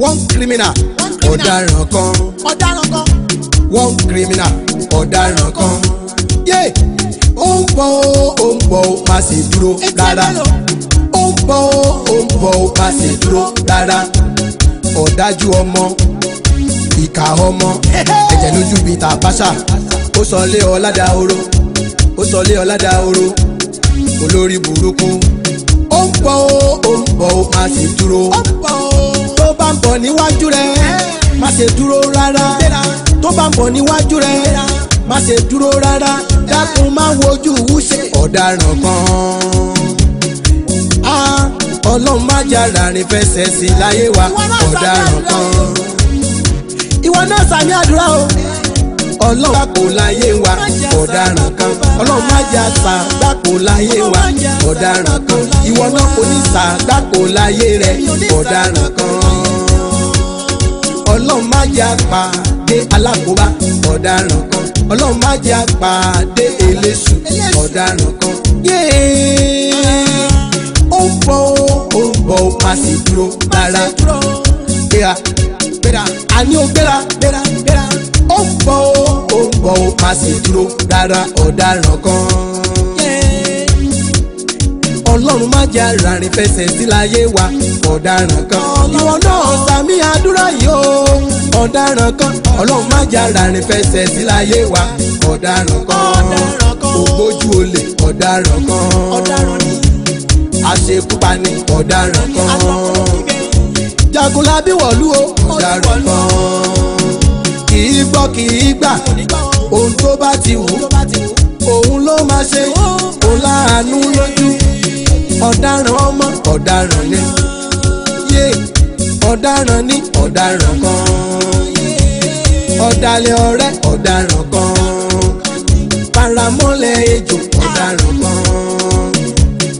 one criminal ọ̀daràn kan ọ̀daràn kan one criminal ọ̀daràn kan yé ó ń bọ̀ ó ó ń bọ̀ ó má ṣe dúró rárá ó ń bọ̀ ó ó ń bọ̀ ó má ṣe dúró rárá ọ̀dájú ọmọ ìkà ọmọ ẹ̀jẹ̀ lójú bíi tàbáṣà ó sọ lé ọ̀làdà oró ó sọ lé ọ̀làdà oró olórí burúkú ó ń bọ̀ ó ó ń bọ̀ ó má sì dúró tó bá ń bọ̀ níwájú rẹ̀ má ṣe dúró rárá tó bá ń bọ̀ níwájú rẹ̀ má ṣe dúró rárá dákun má wojú wúṣe ọ̀daràn kan ọlọ́run má jára rìn fẹsẹ̀ sí láyé wa ọ̀daràn kan ìwọ náà sàmì àdúrà o ọlọ́run dàpọ̀ láyé wa ọ̀daràn kan ọlọ́run má jà sà dàpọ̀ láyé wa ọ̀daràn kan ìwọ náà kò ní sà dàpọ̀ láyé rẹ ọ̀daràn kan ọlọ́run má jà pàdé alákòóbá ọ̀daràn kan ọlọ́run má jà pàdé eléṣù ọ̀daràn kan ó ń bọ̀ ó ń bọ̀ ó má sì dúró rárá gbéra gbéra àní ó gbéra gbéra gbéra ó ń bọ̀ ó ó ń bọ̀ ó má sì dúró rárá ọ̀daràn kan. ọlọ́run má jẹ́ ararin fẹsẹ̀ sí láyé wa ọ̀daràn kan. ìwọ náà sàmì àdúrà yìí o ọ̀daràn kan ọlọ́run má jẹ́ ararin fẹsẹ̀ sí láyé wa ọ̀daràn kan ògbójú olè ọ̀daràn kan àṣekúpani ọ̀daràn kan jagunlabi wọ̀lú o ọ̀daràn kan kì í gbọ́ kì í gbà ohun tó bá ti wù òun ló máa ṣe òun láàánú lójú ọ̀daràn ọmọ ọ̀daràn ni ọ̀daràn ni ọ̀daràn kan ọ̀dàlẹ̀ ọ̀rẹ́ ọ̀daràn kan paramọ́lẹ̀ ejò ọ̀daràn kan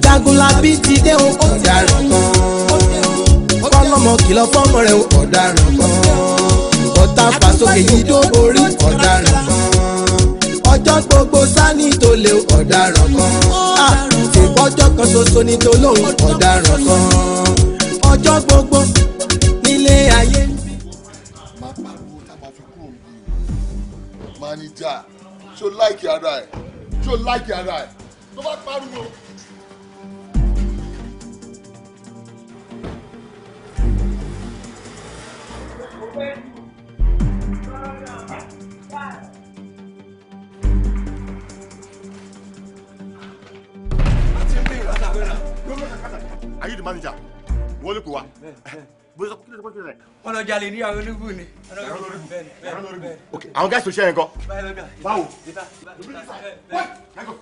jagunlabi ti dé ọ̀daràn kan kọ́lọ́mọ kìlọ̀ fọ́mọ rẹ̀ ọ̀daràn kan bàbá sókè yìí tó borí ọ̀daràn kan ọjọ́ gbogbo sani tó lè ọ̀daràn kan ìbọ́jọ́ kan ṣoṣo ni tó lóun ọ̀daràn kan ọjọ́ gbogbo nílé ayé. má pariwo tá a máa fi kúrò bí máníjà ṣó láìkì ara ẹ̀ ṣó láìkì ara ẹ̀ tó bá pariwo. Thank you. Are you the manager? Wọ́n lè pè wá. Bóyá kí ló dé rẹ̀? Ọlọ́jà lè ní àwọn ológun ni. Àwọn gáàsì tó ṣe yẹn kọ. Báwo? Báwo?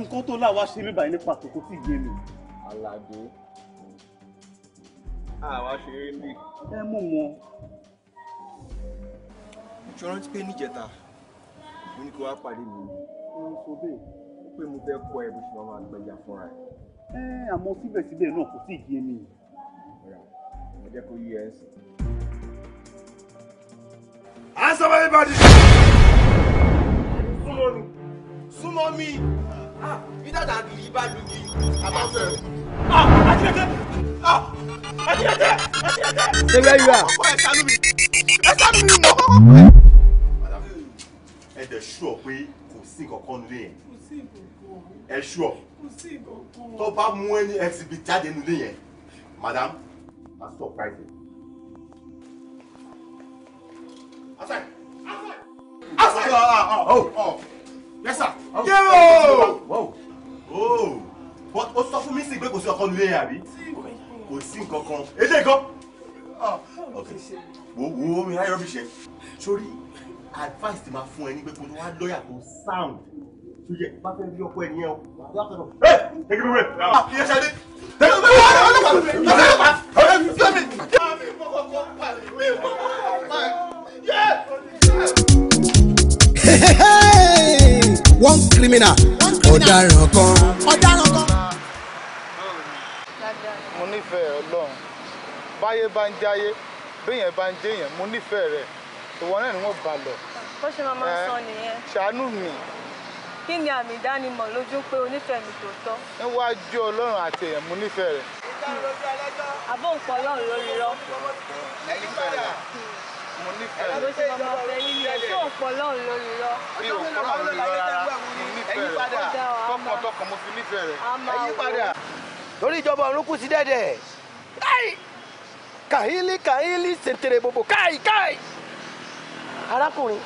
nǹkan tó láwa ṣe mí báyìí ní pàtó kò tí ì yé mi. aládé àwa ṣe é bí. ẹ mú wọn. ṣọ́rọ́ ti pé níjẹta mo ní kí wàá pàdé mi. ó ń sọ bẹ́ẹ̀. ó pé mo fẹ́ kọ ẹ bó ṣe máa gbẹ̀yà fúnra ẹ. ẹ àmọ́ síbẹ̀síbẹ̀ náà kò tí ì yé mi. ẹ jẹ́ kó yí ẹ sí. à ń sọ fún everybody. súnmọ́ mi súnmọ́ mi peter than the river lugi abafẹ. ajínigbé ajínigbé ajínigbé. ṣé wẹ́ẹ́ yóò. ọkọ ẹ ṣàánú mi ẹ ṣàánú mi mọ́. ẹ dẹ̀ ṣúọ̀ pé kò sí kankan nílé yẹn ẹ ṣúọ̀ tó bá mú ẹni ẹ ti bi jáde madam i surprise you. outside outside outside. Ah, ah, ah, oh, oh, oh yes sir. yóò ó sọ fún mi sí pé kò sí ọkọ nílé àbí kò sí nǹkan kan èdè gan wo wo mi láyọ̀ bí ṣe sórí advice ti máa fún ẹ ní pé kò tó wá lọ́yà tó sound Yeah. yẹ bá fẹ́ rí ọkọ ẹ nìyẹn o. ẹ ẹ kí ló rẹ. iye ṣe dé. tẹ̀lé one criminal ọ̀daràn kan. ọ̀daràn kan. mo nífẹ̀ẹ́ ọlọ́run báyé bá ń jáyé béèyàn bá ń jéèyàn mo nífẹ̀ẹ́ rẹ̀ ìwọ náà ni wọ́n bá lọ. bó ṣe máa máa sọ nìyẹn. ṣàánú mi. kí ni àmì ìdánimọ̀ lójú pé onífẹ̀ẹ́ mi tòótọ́. níwájú ọlọ́run àti èèyàn mo nífẹ̀ẹ́ rẹ̀. àbó ń pọ̀ ọlọ́run lórí rọ mo nífẹ̀ẹ́ rẹ̀. ẹ̀rọ ṣe máa fẹ́ yín ni ṣé ọ̀pọ̀lọ́ ló ń lọ. mi ò pọ́nà ló lọ rárá mo nífẹ̀ẹ́ rẹ̀ tọkàntọkàn mo fi nífẹ̀ẹ́ rẹ̀. ẹ̀yí padà. lórí ìjọba ọ̀run kù sí dẹ́dẹ̀. kàhílì kàhílì ṣètèrè bòbò káì káì. arákùnrin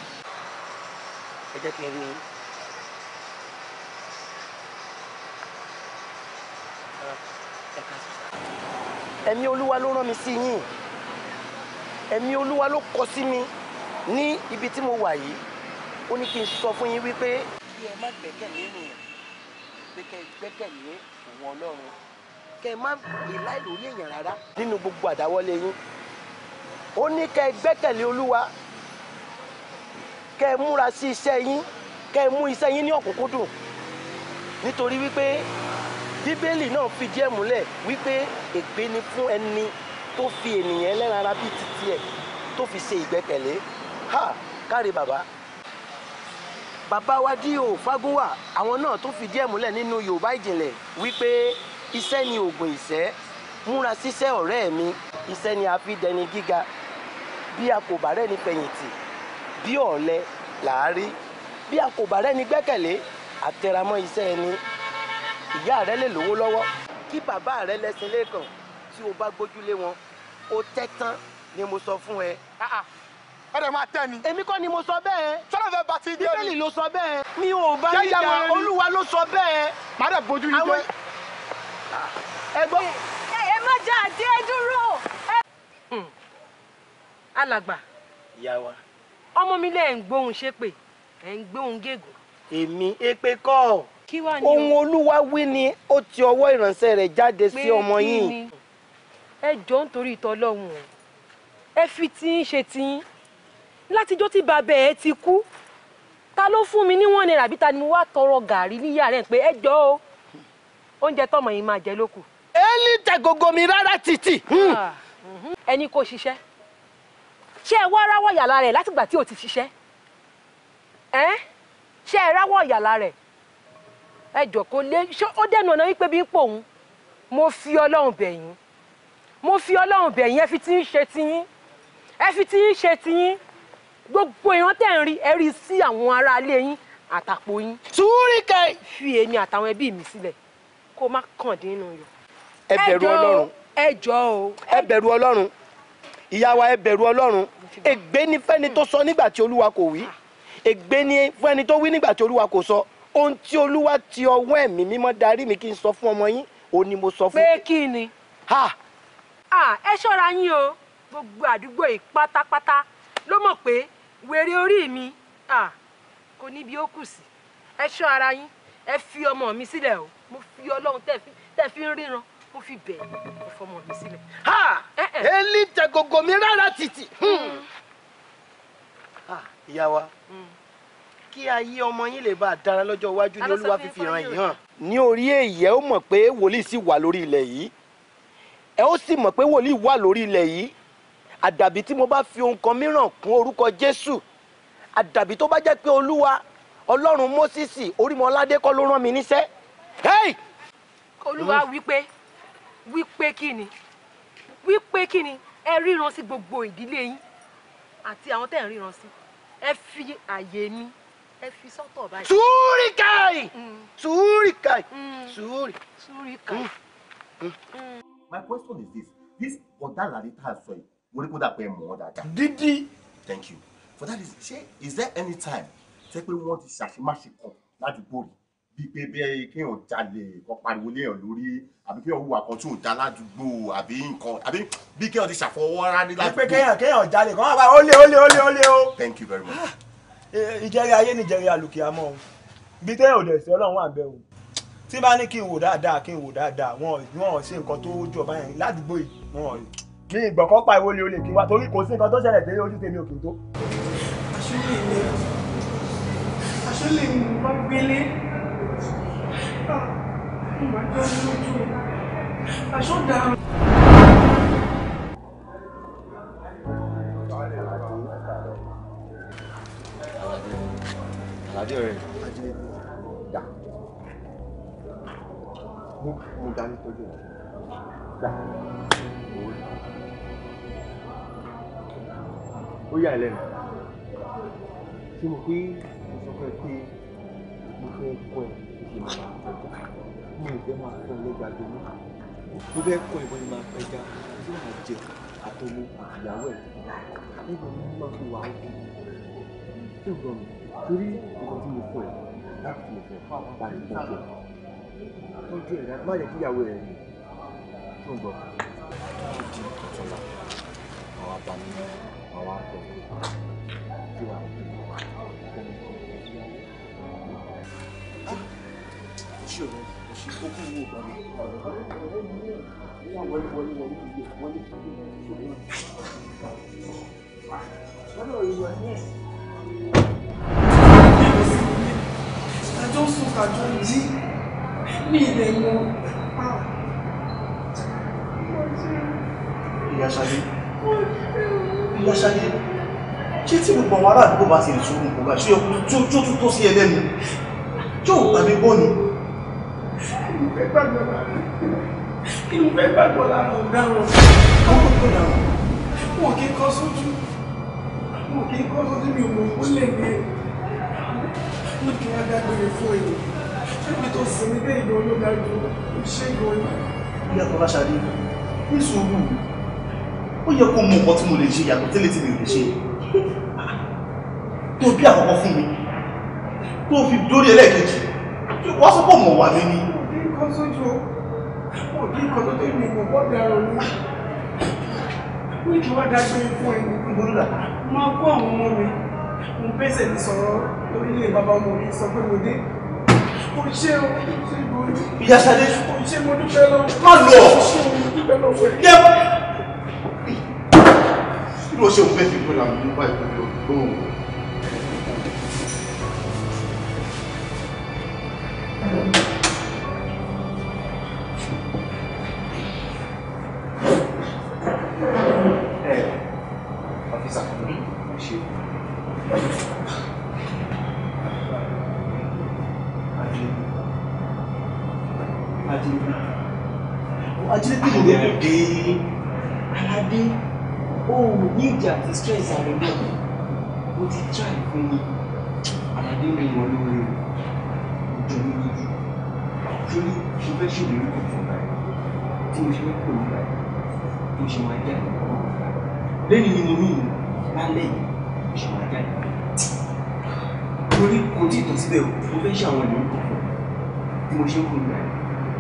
ẹ jẹ́ kí n rí yín. ẹ̀mí olúwa ló rán mi sí yín ẹ̀mí olúwa ló kọ sí mi ní ibi tí mo wà yìí ó ní kí n sọ fún yín wípé. kí ẹ má gbẹ́kẹ̀lé ènìyàn pé kẹ́ ẹ gbẹ́kẹ̀lé òun ọlọ́run kẹ́ ẹ má ìlà ìlórí èèyàn rárá. nínú gbogbo àdáwọ́lé yín ó ní kẹ́ ẹ gbẹ́kẹ̀lé olúwa kẹ́ ẹ múra sí iṣẹ́ yín kẹ́ ẹ mú iṣẹ́ yín ní ọ̀kúnkúndùn nítorí wípé bíbélì náà fìdí ẹ̀ múlẹ̀ wípé ègbé ni fún ẹni tó fi ènìyàn ẹlẹ́ran ara bíi títí ẹ̀ tó fi ṣe ìgbẹ́kẹ̀lé ha káre bàbá bàbá wa dí o fagúnwà àwọn náà tó fìdí ẹ̀ múlẹ̀ nínú yorùbá ìjìnlẹ̀ wípé iṣẹ́ ni oògùn ìṣẹ́ múra síṣẹ́ ọ̀rẹ́ mi iṣẹ́ ni a fi dẹni gíga bí a kò bá rẹ́ni fẹ̀yìntì bí ọ̀lẹ làá rí bí a kò bá rẹ́ni gbẹ́kẹ̀lé àtẹramọ́ iṣẹ́ ẹni ìyá rẹ lè lówó lọ́wọ́ kí bàbá rẹ lẹ́sìn lẹ́kàn tí o bá gbójúlé wọn o tẹ́ tán ni mo sọ fún ẹ. Ah, ah. ẹ dẹ̀ máa tẹ́ ni. èmi kọ́ ni mo sọ bẹ́ẹ̀. sọ́dọ̀ fẹ́ bá ti dé o bíbélì ló sọ bẹ́ẹ̀. mi ò bá yí da olúwa ló sọ bẹ́ẹ̀. màá dẹ̀ bójú yín jẹ́. ẹ gbọ́. ẹ má jà dé dúró. Hmm. alàgbà. ìyá wa. ọmọ mi lẹ́ ń gbóhùn ṣépè ẹ̀ ń gbóhùn gégùn. èmi èpè kọ́ ohun olúwa wí ni ó ti ọwọ́ ìránṣẹ́ rẹ̀ jáde sí ọmọ yìí ẹ jọ ń torí ìtọ́ ọlọ́run o ẹ fi tí ń ṣe tí ń látijọ́ tí bàbá ẹ ti kú ta ló fún mi ní one naira àbí ta ni mo wá tọrọ gàrí níyà rẹ̀ pé ẹ jọ o oúnjẹ tọmọ yìí máa jẹ lókù. ẹni tẹ gogo mi rárá títì. Hmm. Ah, mhm. ẹni kò ṣiṣẹ́ ṣé ẹ wá ráwọ̀ yàrá rẹ̀ látìgbà tí ò ti ṣiṣẹ́ ẹ ṣé ẹ ráwọ̀ yàrá rẹ̀ ẹ jọ kó lé ṣé ó dẹnu ọ̀nà wípé bí ń pòun mo fi ọlọ́run bẹ̀yìn mo fi ọlọ́run bẹ̀ yín ẹ fi tí ń ṣe tiyín ẹ fi tí ń ṣe tiyín gbogbo èèyàn tẹ̀ ń rí ẹ rí sí àwọn aráalé yín àtàpò yín. túríkẹ́. fi èmi àtàwọn ẹbí mi sílẹ̀ kó má kàn dínú yọ. ẹ bẹ̀rù ọlọ́run. ẹ jọ o. ẹ bẹ̀rù ọlọ́run ìyá wa ẹ bẹ̀rù ọlọ́run ègbé ni fẹ́ni tó sọ nígbà tí olúwa kò wí ègbé ni fẹ́ni tó wí nígbà tí olúwa kò sọ ohun tí olúwa ti ọwọ́ ẹ̀mí mímọ́ darí mi kí n sọ fún ọmọ yín òun ni mo sọ fún. pé kí ni. ha ẹ ṣọ́ra yín o gbogbo àdúgbò yìí pátápátá ló mọ̀ pé wèrè orí mi kò níbi ó kù sí ẹ ṣọ́ ara yín ẹ fi ọmọ mi sílẹ̀ o mo fi ọlọ́run tẹ́ fi ń ríran mo fi bẹ̀ mo fọmọ mi sílẹ̀. èlì tẹ̀gògò mi rárá títì. Hmm. Hmm. ìyá wa hmm. kí ayé ọmọ yín lè bá a dára lọ́jọ́ iwájú ni olúwa fífi ìran yìí hàn ní orí èyí ẹ ó mọ̀ pé wòlíì sì wà lórí ilẹ̀ yìí ẹ ó sì mọ̀ pé wòlíì wà lórí ilẹ̀ yìí àdàbí tí mo bá fi ohun kan mìíràn kún orúkọ Jésù àdàbí tó bá jẹ́ pé Olúwa Ọlọ́run Mósìsì Orímọládé kọ́ ló rán mi níṣẹ́. Hey! Olúwa wípé wípé kí ni wípé kí ni ẹ ríran sí gbogbo ìdílé yín àti àwọn tẹ́ ẹ̀ ń ríran sí ẹ fi àyè mi ẹ fi sọ́tọ̀ báyìí. túríkàì túríkàì mm. túríkàì. Mm my question is this this ọ̀dà làdítà sọ yìí mo rí kó dà pé ẹ mọ̀ wọ́n Didi, thank you for that reason ṣé is there any time ṣé pé wọ́n ti ṣàṣemáṣe kan ládùúgbò rí bíi pé bẹ́ẹ̀ kéèyàn jalè kan pariwo léèyàn lórí àbí kéèyàn hùwà kan tí ò da ládùúgbò àbí nǹkan àbí bí kéèyàn ti ṣàfọwọ́rá ní ládùúgbò. pé kéèyàn kéèyàn jalè kan wà ó lé ó lé ó lé ó lé o. thank you very much. Ah, ìjẹrìí ayé ni ìjẹrìí àlùkìyàmọ́ o bíi téèyàn ò dẹ̀ sí ọlọ́run àbẹ̀wò tí bá ní kí n wò dáadáa kí n wò dáadáa wọn ò ṣe nǹkan tó jọ báyẹn ládùúgbò yìí wọn ò ní ìgbọ̀kọ́ pa ìwé olè kí wá torí kò sí nǹkan tó ṣẹlẹ̀ délé ojú tèmi òkè tó. àṣọlé ilé àṣọlé mi ò gbélé ah, mo máa lójú àṣọ dáhùn. mo dá ní tọ́jú rẹ̀ gbà owó ó yà lẹ́nu ṣé mo pé mo sọ fún ẹ pé mo fẹ́ kọ́ ẹ kí n máa tọ́jú mi ò fẹ́ máa fún ẹ lẹ́gbàá domi mo fẹ́ kọ́ ẹ bọ́ ni máa pẹja tí màá jẹ àtọmọ àtìyàwó ẹ níbo ni mo máa fi wà á kú tó gbọ́n mi torí nǹkan tí mo fún ẹ láti fi ìfẹ́ fún àpáta ìgbọ́n jẹ tọ́jú I don't think I don't need mi ilẹ̀ mọ. Ah. ìyá ṣadé ìyá ṣadé ṣé tí gbogbo àwọn aráàlú bá ti lè ṣòro nǹkan bá ṣe yọ tó tó tó tó sí ẹlẹ́nu tí ò tàbí bọ́ ni. inú fẹ́ gbàgbọ́ lára inú fẹ́ gbàgbọ́ lára ọ̀daràn àwọn ọ̀gbọ́n dàrán wọn kì í kọ́ sójú ṣébi tó sì ní dé ìlú olódàjú ṣé ìlú ìlú. ìyá tó láṣàdé ní sùúrù ó yẹ kó mọ nǹkan tí mo lè ṣe yàtọ̀ tẹ́lẹ̀ tí mi ò lè ṣe tó bí àkọ́kọ́ fún mi tó fi dórí ẹlẹ́ẹ̀kejì wọ́n sọ pé mo wà mí ni. òbí kan sójú o òbí kan tó tó ìlú ìgbọ̀ngbọ̀ dára ni wíìkì wá dágbére fún ẹni gbọ́dọ̀ máa kó àwọn ọmọ mi mo bẹ́sẹ̀ ní sọ̀rọ̀ lórílẹ̀ bàbá mo rí sọ pé mo dé kò ṣe ìyá Ṣadé kò ṣe mo dúpẹ́ lọ má lọ yẹ kí ló òun fẹ́ fi pé làwọn ọmọ báyìí ló ajínigbé ló lè dé aládé òun ní ìjà àti stress àwọn náà mo ti try fún mi aládé mi wọn lórí ojú mi lójú torí mo fẹ́ ṣèlérí kò fún báyìí tí mo ṣe fẹ́ pè mí báyìí mo ṣe máa jáde kúrò lẹ́yìn ni mo ní ìlú lálẹ́ yìí mo ṣe máa jáde torí kò tí ì tọ́ síbẹ̀ o mo fẹ́ ṣe àwọn ìlú kò fún bí mo ṣe ń kúrò báyìí.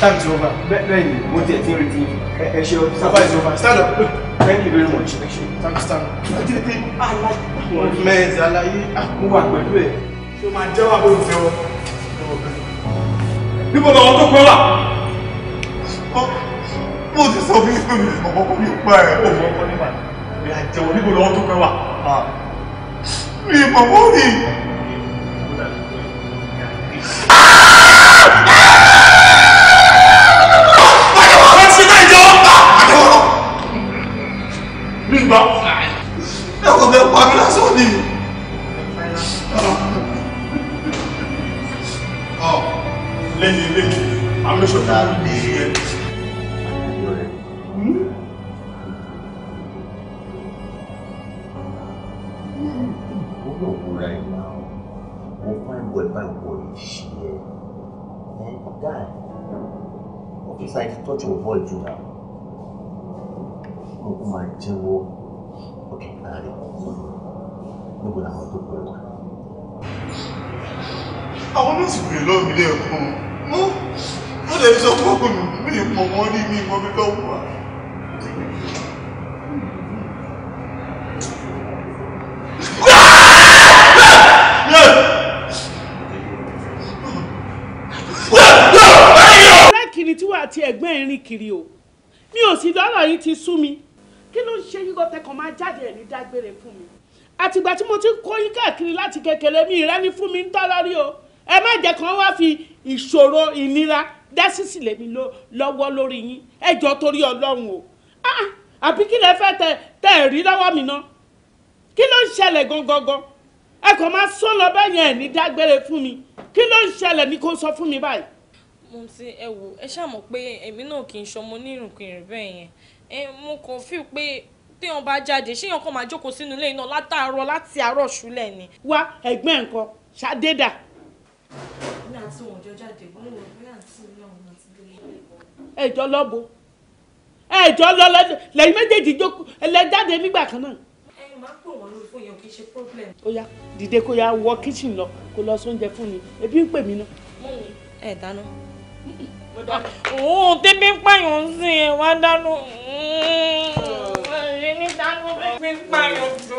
time is over. bẹ́ẹ̀ ni mo the ti ń retí ẹ ṣe is over stand up thank you very much ẹ ṣe thank you stand up. àti tètè alaye ah, mẹ́ẹ̀ẹ́dì alaye mo wà pẹ̀lú ah, ẹ̀ ṣé o máa jẹ́ wà lóun go wọ. níbo làwọn tó pẹ́ wà. mo ti sọ fún yín mi ọmọ kò ní pa ẹ. o mọ ọkọ nípa ẹ àjẹwò níbo làwọn tó pẹ́ wà. Ah. mi mọ̀ wọ́n rí. kò pa mí lásán ni. lẹ́yìn eléyìí amúṣọ́tà lè yẹ. Guy, what if I touch your voice, you know? Oh my God ok ààrẹ níbo làwọn tó pẹ wá. àwọn nọ́ọ̀sì bèrè lọ́wọ́ mi lẹ́ẹ̀kan mú wọ́n dẹ̀ sọ fún ọkùnrin mi lè pọ̀ wọ́n ní mi ìmọ̀ mi lọ́wọ́ wa. kiri tí wàá ti ẹ̀gbẹ́ ìrìn kiri o mi ò sì lọ́rọ̀ yìí ti sú mi kí ló ń ṣe yín gọtẹ kan máa jáde ẹ̀ ní dágbére fún mi àtìgbà tí mo ti kó yín káàkiri láti kékeré mi ìrẹ́ni fún mi ń tọ́ o ẹ má jẹ́ kàn wá fi ìṣòro ìnira dásìsì lèmi lọ́wọ́ lórí yín ẹ jọ torí ọlọ́run o ah, ah, àbí kí lẹ fẹ́ tẹ tẹ ẹ rí lọ́wọ́ mi ná kí ló ń ṣẹlẹ̀ gangan ẹ kàn máa sọ lọ bẹ́ẹ̀ yẹn ní dágbére fún mi kí ló ń ṣẹlẹ̀ ní kó sọ fún mi báyìí. mo ti ẹ wò ẹ ṣàmọ̀ pé èmi náà kì í ṣọmọ onírùnkìrìn bẹ́ẹ̀ yẹn mo kàn feel pé téèyàn bá jáde ṣéèyàn kàn máa jókòó sínú ilé iná látàárọ̀ láti àárọ̀ ṣúlẹ̀ ni. wá ẹ̀gbọ́n nǹkan ṣàdédà. ní àti wọn jọ jáde wọn ò rí àǹtí náà wọn ti lè yẹ. ẹjọ lọbo ẹjọ lọ lẹ́yìn méjèèjì jókòó ẹlẹjáde nígbà kan náà. ẹ máa pè wọn lórí fún yẹn kì í ṣe problem. ó yá dìde kó yá wọ kíchìn lọ kó lọ sóúnjẹ fún mi ebi ń pè mí náà. mú mi ẹ dáná òun tẹ́bí pààyàn sí ẹ wá dáná hmm. ṣe ní dáná pé pààyàn tó.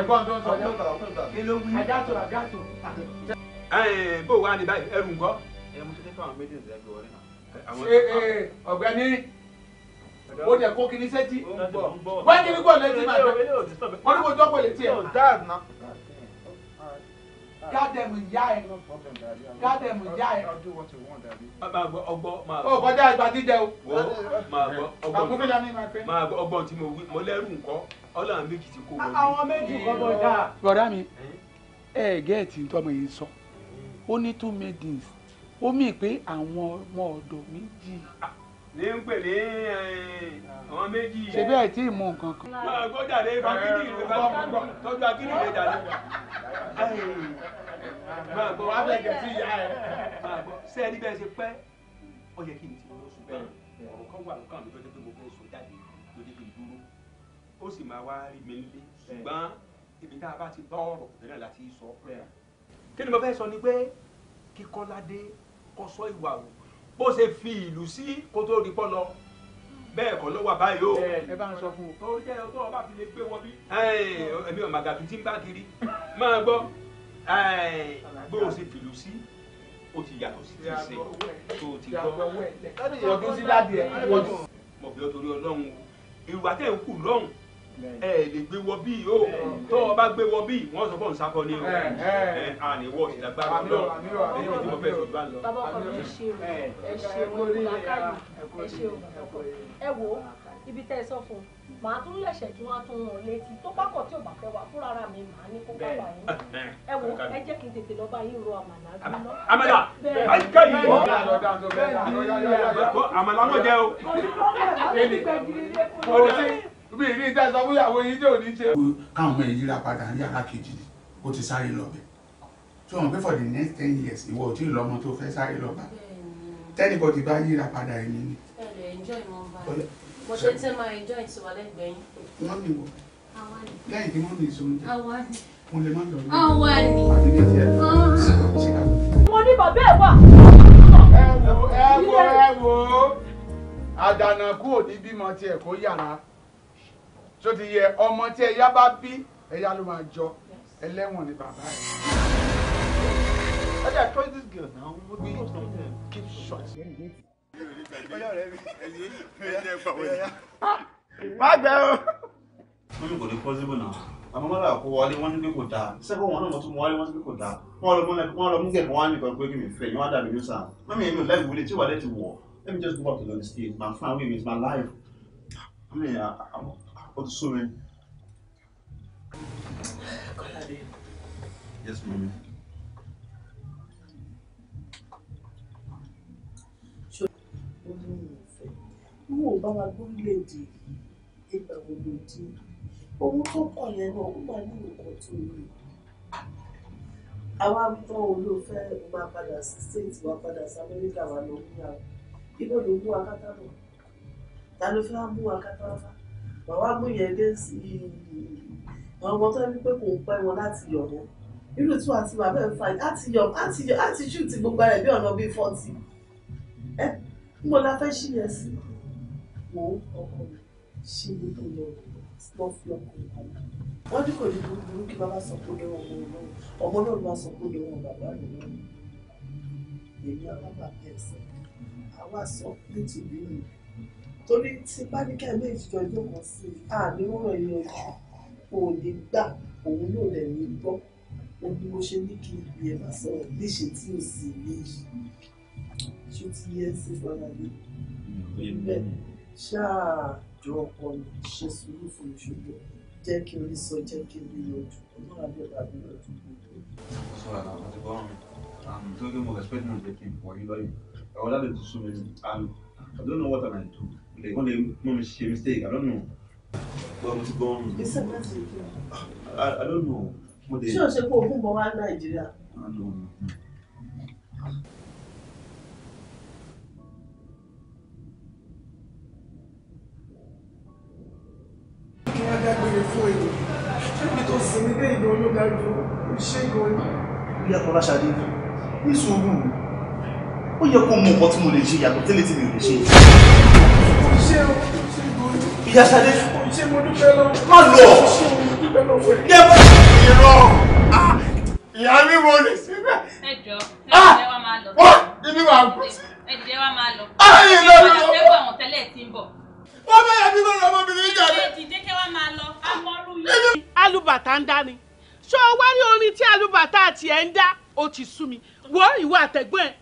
ẹ̀gbọ́n tó ń sọ kí ló wí. àjàtò àjàtò. bó wàá ní báyìí ẹrù ńkọ́. ẹ mo ti ní káwọn méjì ń zẹ́gbẹ́ wọlé náà. ọ̀gbẹ́ni o jẹ kó kiri sẹ́tì wọ́n kiri gbọ́ létí màdá wọ́n ní mo jọ́ pé gádẹ́mù ìyá ẹ̀ gádẹ́mù ìyá ẹ̀. ọgbọ́ máa gbọ́. ọgbọ́dá ìgbà dídẹ o. máa gbọ́ ọgbọ́n máa gbọ́ ọgbọ́n tí mo wí mo lẹ́rù nǹkan ọlọ́run méjì ti kó wọlé. àwọn méjì kọ́ eh. bọ̀ dáa. bọ̀dá mi eh? ẹ gẹ́ẹ̀tì tó ọmọ yìí sọ eh. ó ní two maidens ó mì pé àwọn ọmọ ọ̀dọ̀ méjì. Ah, ní ń pè ní eh, àwọn méjì yẹn. ṣe bẹ́ẹ̀ tí ì mú nǹkan kan. máa gbọ́ jàre fagídì rẹ tọ́jú agídì rẹ jàre. máa gbọ́ wá bẹ̀ gẹ̀ sí ìyá ẹ̀. máa gbọ́ sẹ́ẹ̀rí bẹ́ẹ̀ ṣe pẹ́ ó yẹ kí n ti lọ sùn bẹ́ẹ̀ ọ̀rọ̀ kan wà lọ́kàn mi tó jẹ́ pé mo fẹ́ sọ jáde lóde kí n dúró ó sì máa wá rí mi nílé ṣùgbọ́n ibi tá a bá ti bá ọ̀rọ̀ náà láti sọ. kí ni mo fẹ́ sọ ni pé kíkọ́ládé kọ́sọ́ ìwà òd bó ṣe fi ìlú sí kó tó rí pọ́ bẹ́ẹ̀ kọ́ ló wà báyìí o. ẹ bá ń sọ fún o. tó jẹ́ ọtọ́ ọba fi lè gbé wọn bí. ẹ̀mí ọ̀mà gàtú tí ń bá kiri máa gbọ́ bó o ṣe fìlú sí o ti yàtọ̀ sí ti ṣe tó ti gbọ́. ọdún sí ládìẹ. mo bí ọ torí ọlọ́run ìwà tẹ̀ ń kù lọ́hùn ẹ lè gbé wọ bí o tó o bá gbé wọ bí wọn sọ fún nsakọ ni o ẹ à ní wọ ìdàgbàgbà lọ èyí tí mo fẹ́ sọ ìgbà lọ. bàbá ọkọ mi ṣe o ẹ ṣe o làákàyè ẹ ṣe o ẹ wo ibi tẹ ẹ sọ fún màá tún lẹsẹ tí wọn á tún wọn létí tó bá kọ tí ò bá fẹ́ wá fúnra ara mi màá ní kó bá wà yín ẹ wo ẹ jẹ́ kí n tètè lọ bá yín ro àmàlà bí lọ. àmàlà ayi ká yìí bọ àmàlà mọ jẹ o. kò bẹ̀rẹ̀ láti gbẹ̀gìrì bí ìrí ìjà sọ fún ìyàwó yín tí ò ní ṣe. káwọn ọmọ yìí yíra padà ní yàrá kejì ni ó ti sáré lọ bẹ̀ tí wọn pé for the next ten years ìwọ ò tí ì lọ́mọ tó fẹ́ sáré lọ bá tẹ́nìbọ̀dì bá yíra padà ẹ̀mí ni. ẹ lè enjoy wọn báyìí mo ṣe tẹ́ máa enjoy tiwa lẹ́gbẹ̀ẹ́ yín. wọ́n ní wọ lẹ́yìn tí wọ́n ní ìsọ̀njẹ́ mo lè má lọ rí i. àwa ni mo ní bàbá ẹ̀ wà. ẹ wo ẹ wo ẹ wo àdànà kú òní bímọ tiẹ̀ kó yàrá ṣó ti yẹ ọmọ tí ẹ̀yà bá bí ẹ̀yà ló máa jọ ẹlẹ́wọ̀n ni bàbá ẹ̀. ọjà try this girl now mo bí keep short. má gbẹ o. wọ́n ní kò ní possible náà àmọ́ mọ́lá kó wọlé wọ́n ní pé kò dáa sẹ́kọ̀ wọn náà mọ̀ tó mọ́ wọlé wọ́n ní pé kò dáa wọ́n lọ mọ́lẹ̀ wọ́n lọ mú gẹ̀ẹ́bọ̀ wọn á nìkan pé kí mi fẹ́ yín wọ́n á dàbí yóò sàn mọ́mí èmi ò láì tí wàá lẹ́tì wọ̀ let me just go back to the state my family is my life. I mean, I, I, ó ti sú mi. Kọ́ládé. Yes, mami. Mo ò bá wa gbórílẹ̀-èdè yìí, ìgbà wo ló dé? Owó tó kọ̀ yẹn náà, ó wà ní nǹkan tó rí àwa gbọ́ olóòfẹ́ máa padà sí state wa padà sí amẹ́ríkà wa lọ mú wa ibo ló mú akátá lọ ta ló fẹ́ mú akátá wá bàbá gbìyànjú ẹgẹ́sì àwọn ọmọ tó ń pẹ́ kò ń pẹ́ wọn láti yọ̀ wọn irú tí wọn àti bàbá ẹ̀ ń fa àti yọ̀ àti yọ̀ àti ṣù ti gbogbo rẹ̀ bí ọ̀nà bíi fọ́ọ̀tì ẹ ń bọ́ la fẹ́ ṣí yẹn sí wò ó ọkọ mi lọ lọ fi ọkọ mi wọ́n ní ní burúkú kí bàbá sọ pé lọ́wọ́ ọmọ náà ọmọ náà ló wá sọ pé lọ́wọ́ bàbá rẹ̀ náà èmi alábàápẹ̀ ẹ̀sẹ̀ àwa sọ nítorí nìyí torí tí báníkà méjì jọ jókòó sí i àní ràn yín ojú kò ní gbà òun náà lè ní gbọ́ òun ni mo ṣe ní kí ibi ẹ̀ máa sọ̀rọ̀ níṣe tí ò sì níyì ṣó ti yẹ sí fọlá mi bẹ́ẹ̀ ṣáà jọ ọkọ mi ṣe sùúrù fún mi jẹ́ kí orí sọ jẹ́ kí orí yọjú ọmọ àbẹ̀bà mi lọ́dún gbogbo. torí mo respect mo jẹ́ kí n fọ yín lọ́yìn ẹ̀rọ lábẹ́ tó sún mi I don't know what I'm going to do. Like, one day, mom, she mistake. I don't know. But I'm going to go. I, I don't know. What day? Sure, she go home over Nigeria. I don't know. Kí wọ́n dágbére fún èdè? Ṣé ibi tó sinmi dé ìdánwò ló dájú? Ṣé ìgbọ̀n? Ìyá Fọláṣadé, ní sùúrù ó yẹ kó mọ nǹkan tí mo lè ṣe yàtọ̀ tẹ́lẹ̀ tí mi ò lè ṣe. ìyá Ṣadé má lọ ah, ìyá mi mo lè ẹ jọ ah, ẹ jẹ wa máa lọ. wọ́n ibi máa kú ẹ jẹ wa máa lọ. ayé lórí wọn. ìjọba ẹgbẹ́ àwọn ti ń bọ̀. wọ́n bá yà mí lọ́rọ̀ ọmọbìnrin jà rẹ̀. ìjẹ́ kẹ́ wa máa lọ amọ́rú yìí. alùbàtà ń dá ni ṣé wá ní orin tí alùbàtà tiẹ̀ ń dá o ti sú mi wọ́n ìwọ àtẹ̀gbọ́n ẹ̀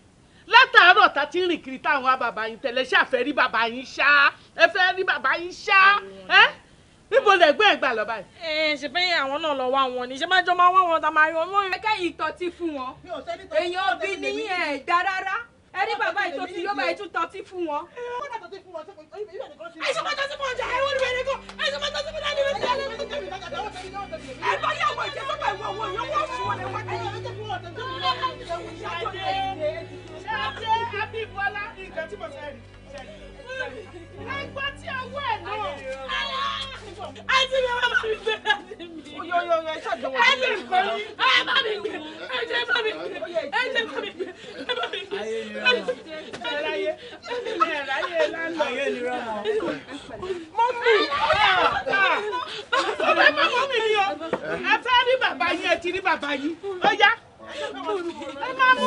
ọ̀tá tí ń rìn kiri táwọn bàbá yín tẹ̀lé ṣáà fẹ́ rí bàbá yín ṣá ẹ fẹ́ rí bàbá yín ṣá ẹ níbo lè gbé ìgbà lọ báyìí. ẹ ṣe pé àwọn náà lọ wá wọn ni ṣe máa jọ máa wá wọn tá a máa yọ wọn. ẹkẹ ìtọ́tí fún wọn èèyàn òbí ní ẹ̀dá rárá ẹ rí bàbá yìí tó ti yóò bá yìí tún tọ́tí fún wọn. ẹ ṣe máa tọ́tí fún ọjà ẹ wọ́n ní bẹ́ẹ̀ nìkan ẹ ṣe máa tọ́tí fún ọjà ẹ wọ́n ní bẹ́ẹ̀ nìkan. ẹ lọ yẹ àwọn ìjẹ́sọ́gbà ìwọ̀n wọ̀nyí wọ́n sùn wọn lẹ́wọ́n ṣe ẹbí bọ́lá nǹkan tí mo ṣe rí. ẹgbẹ́ tí ọwọ́ ẹ̀ náà. àti mi bá mi gbé àti mi. oyo oyo oyo ẹ ṣàjọwọ́. ẹ lè gbé ẹ bá mi gbé ẹ jẹ́ bá mi gbé ẹ jẹ́ bá mi gbé ẹ bá mi gbé. ayé ni rọmọ. ẹ̀ráyé ẹ̀ráyé lánàá. ayé ni rọmọ. mọ́mí ọ̀rẹ́ mọ́mí ni o. ẹ fẹ́ rí bàbá yín ẹ ti rí bàbá yín ó yá ẹ máa mú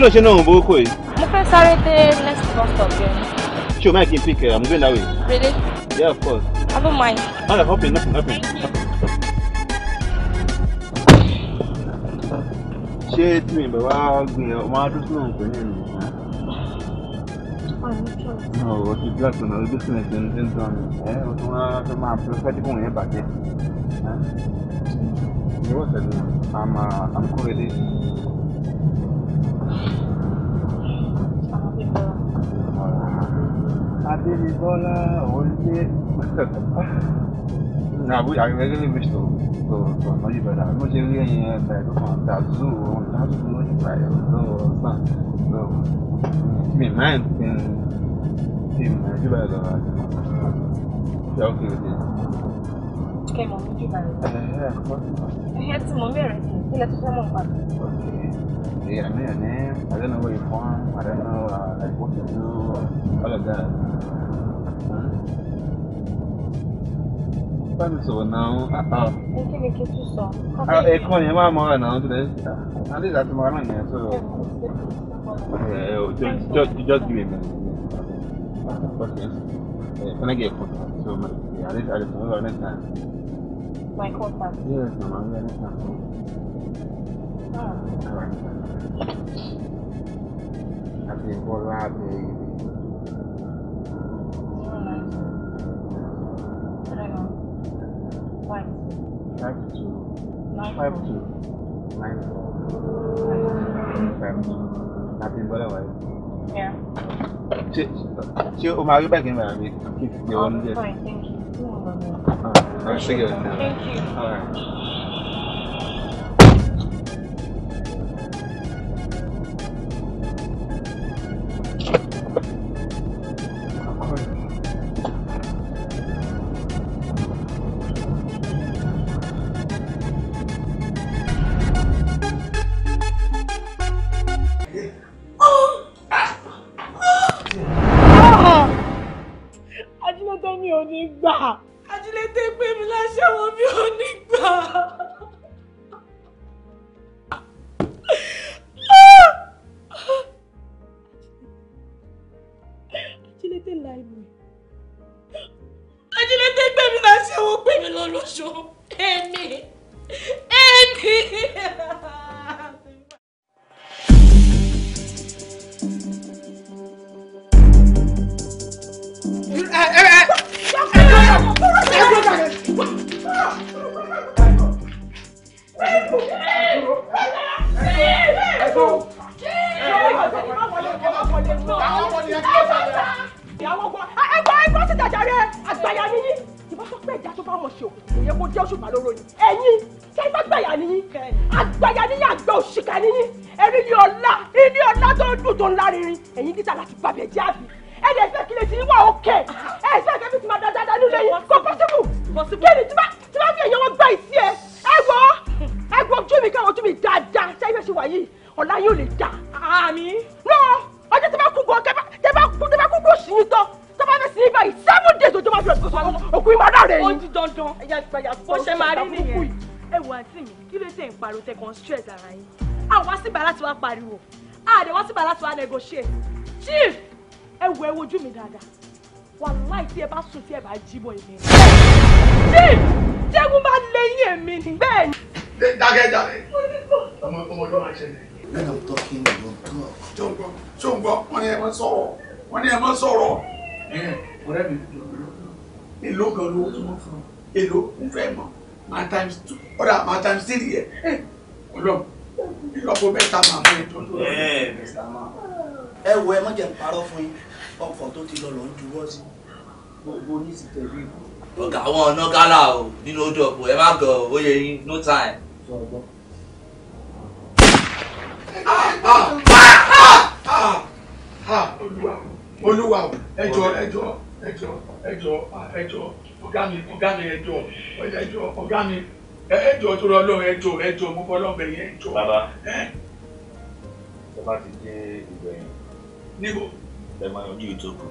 kí ló ṣe náà bó kò mo fẹ́ sáré dé next bus stop yẹn. ṣé o máa pick ẹ i'm going that way. really. yeah of course. i don't mind. all right hop in hop in hop in. ṣé tí mi bàbá gbìn ọmọ adúlọ́ náà pẹ̀lú ìlú. No, o ti bí ọ̀sán náà business ní ní tán ẹ o tún wá tó máa fi fẹ́ dínkù yẹn bàjẹ́. Ìwọ́sẹ̀ ni I'm uh, I'm currently. sola, volví. Na buď, ak vedeli by to, to, to mladí pedál, no tě vidí, to je to mám tazu, on tazu, no tě praje, to, to, to, mi man, ten, ten, mladí pedál, já ok, ok. Čekaj, mám mladí pedál. Eh, eh, já jsem mami rezi, ty letos jsem mám pak. Yeah, I know your name. I don't know where you're from. I don't know uh, like what you do, all of that. bá mi sọ̀rọ̀ náà. Ah, ah. ẹ kí ni kí tún sọ. Ah, ẹ̀kọ́ yẹn máa mọ́ra náà tó dẹ́ adé láti mọ́ra náà yẹn sọ̀rọ̀. ẹ eh, eh, o oh, just just give me a minute. okay quando é que a contact so my i need i need to know next time. my contact. yes Ah. Àti ìbọ̀lá àti ìyẹn. quanh cách phép chỉ này phép nothing but away yeah chị chị ôm áo với bag in mà vì chị nhớ anh ờ, thank you oh, no, it's good. Thank you. Alright. kàn stress ara yín àwa síbà láti wá pariwo àdẹ̀wá síbà láti wá negotiate chief ẹ wo ẹ wojú mi dáadáa wàláì tí ẹ bá sùn tí ẹ bá jí bọ èmi. chief jẹ́gun bá lẹ́yìn èmi ni. bẹ́ẹ̀ni. dákẹ́ dákẹ́ ọmọ ọmọ ọdún máa ṣẹlẹ̀. men I'm talking don talk. ṣé o gbọ́ ṣé o gbọ́ wọ́n ní ẹ máa sọ̀rọ̀ wọ́n ní ẹ máa sọ̀rọ̀. ọ̀rẹ́ mi èlò gan ló tún mọ́ fún un èlò ń fẹ́ mọ́ my times two ọ̀dà my times three yẹ ọlọ́run ìlọ́po mẹ́ta máa fẹ́ tó lọ. ẹ wo ẹ mọ̀jẹ̀ ń parọ́ fún yín ọkọ̀ tó ti lọ lọ ń juwọ́ sí gbogbo ní ti tẹ̀lé ìbò. ọ̀gá àwọn ọ̀nà gálà o nínú odò ọ̀pọ̀ ẹ má gọ̀ ó yẹ yín no time. olúwa olúwa ẹjọ ẹjọ ẹjọ ẹjọ ẹjọ ọ̀gá mi ọ̀gá mi ẹjọ ẹjọ ọ̀gá mi ẹjọ tó rọ lọ ẹjọ ẹjọ mo bọ lọbẹ yẹn ẹjọ. bàbá ẹ má ti dé ìgbẹ̀yìn. níbo. ẹ máa yanjú ìtòkù.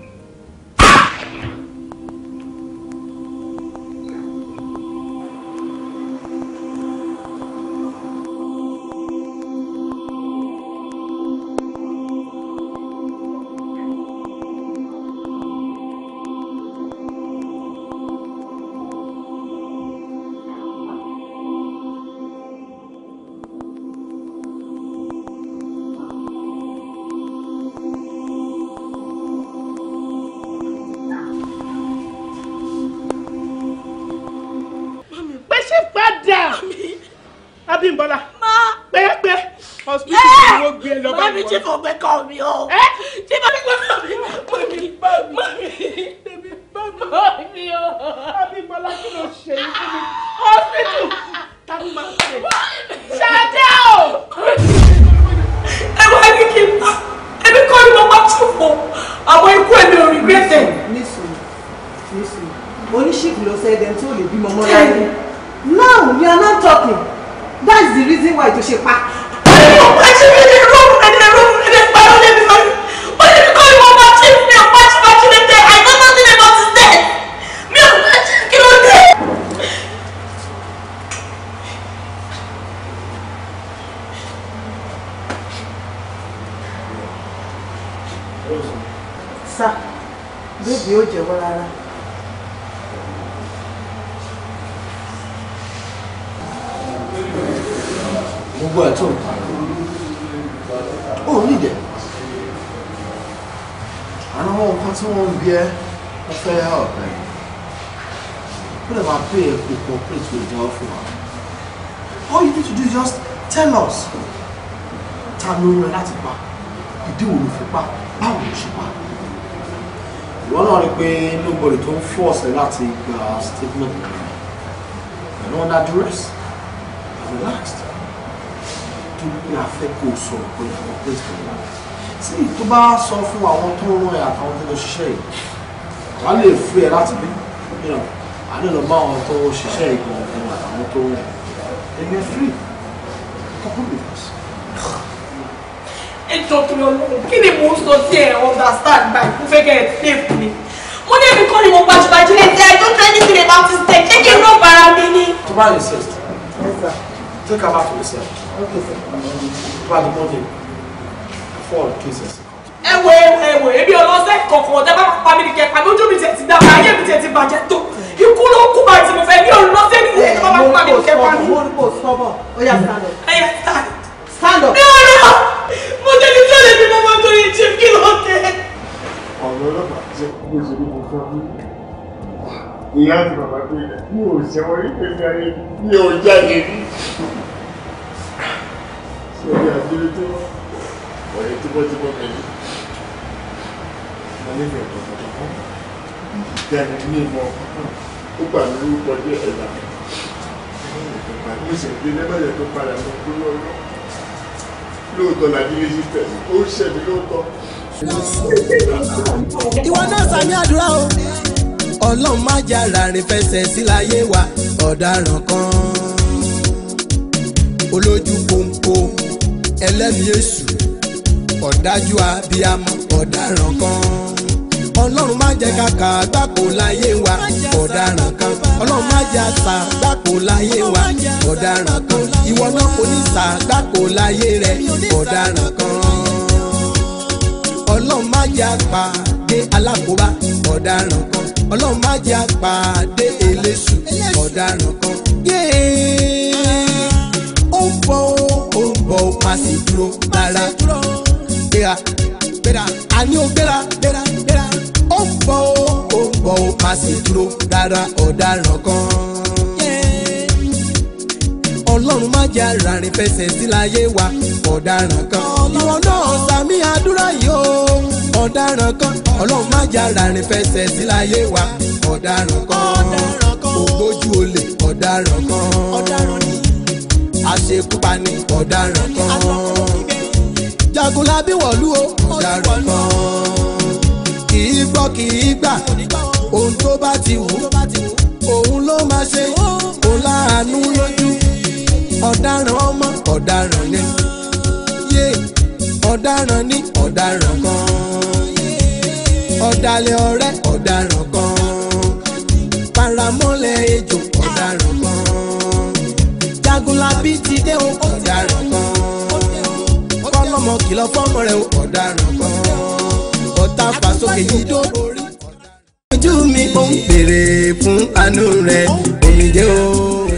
不喜欢。tí tó bá sọ fún àwọn tó rán ẹ àtàwọn tó lọ ṣiṣẹ́ yìí wọ́n lè fi ẹ láti bí àní lọ bá àwọn tó ṣiṣẹ́ ìgbọ̀n ọ̀gbọ̀n àtàwọn tó rán ẹ̀mí ẹ̀ free couple with us. ẹ jọ torí ọlọ́run kí ni mò ń sọ sí ẹ understand by mo fẹ́ kẹ́ ẹ tape ni mo ní èmi kọ́ ni mo gbajúgbajú lè jẹ́ i don't know anything about this tech ṣé kí n rọ̀ bára mi ni. tó bá insist take her back to the cell. okay sir. tó bá di four cases. ẹ wo ẹ wo ebi ọlọsẹ kọkọ ọdẹ bá pa mí nìkẹ ojú mi tẹ ti dá mi ayé mi tẹ ti bàjẹ́ tó ikú ló kú bá ti mo fẹ́ bí ọlọsẹ ní ìlú bá pa mí nìkẹ pa mo ní kò sọbọ ó yá stand up. ẹ yá stand up. stand up. ní ọ̀rọ̀ mo tẹ̀lé sọ́lẹ̀ mi máa ń torí chief kí ló tẹ. ọ̀rọ̀ ọlọ́pàá ti ṣe kí o mo fọ́ bí ìyá àti bàbá pé mi ò ṣẹ́wọ́ ní pẹ̀lú ayé mi ò jáde ṣé o yà ọ̀rẹ́ tíbọ́tíbọ́ pẹ̀lú mo nífẹ̀ẹ́ tọ̀tọ̀tọ̀ ìdáni ní ìmọ̀ ó gbà mí lórúkọ dé ẹ̀dá mo sì ń gbé lẹ́bẹ̀rẹ̀ tó padà mọ́ tó lọ́rọ́ lóòótọ́ làdílé sí tẹ̀lé ó ṣẹ̀mí lóòótọ́. ìwọ náà sàmì àdúrà o ọlọ́run má jà láàrin fẹsẹ̀ síláyé wa ọ̀daràn kan olójú pòǹpò ẹlẹ́mìí èṣù ọ̀dájú abiyamọ ọ̀daràn kan ọlọ́run má jẹ́ kàkà gbàpò láyé wa ọ̀daràn kan ọlọ́run má jẹ́ àṣà gbàpò láyé wa ọ̀daràn kan ìwọ náà kò ní ṣà gbàpò láyé rẹ ọ̀daràn kan ọlọ́run má jẹ́ àpàdé alákòóbá ọ̀daràn kan ọlọ́run má jẹ́ àpàdé eléṣù ọ̀daràn kan yéé ó ń bọ̀ ó ń bọ̀ ó má sì dúró rárá gbéra gbéra àní o gbéra gbéra gbéra ó ń bọ̀ ó ó ń bọ̀ ó má sì dúró rárá ọ̀daràn kan. ọlọ́run má jẹ́ àràrìn fẹsẹ̀ sí láyé wa ọ̀daràn kan. ìwọ náà sàmì àdúrà yìí o ọ̀daràn kan ọlọ́run má jẹ́ àràrìn fẹsẹ̀ sí láyé wa ọ̀daràn kan ògbójú olè ọ̀daràn kan àṣekúpani ọ̀daràn kan. Jagunlabi wọ̀lú o. mo dárò kan kì í gbọ́ kì í gbà ohun tó bá ti wù òun ló máa ṣe òun láàánú lójú ọ̀daràn ọmọ ọ̀daràn ni yé ọ̀daràn ni ọ̀daràn kan ọ̀dàlẹ̀ ọ̀rẹ́ ọ̀daràn kan paramọ́lẹ̀ ejò ọ̀daràn kan Jagunlabi ti dé o ọ̀daràn kan ìkìlọ̀ fọ́mọ rẹ̀ ọ̀daràn kan ọ̀tá fàsókè yìí dó orí. ojú mi ò ń béèrè fún àánú rẹ̀ omijé o.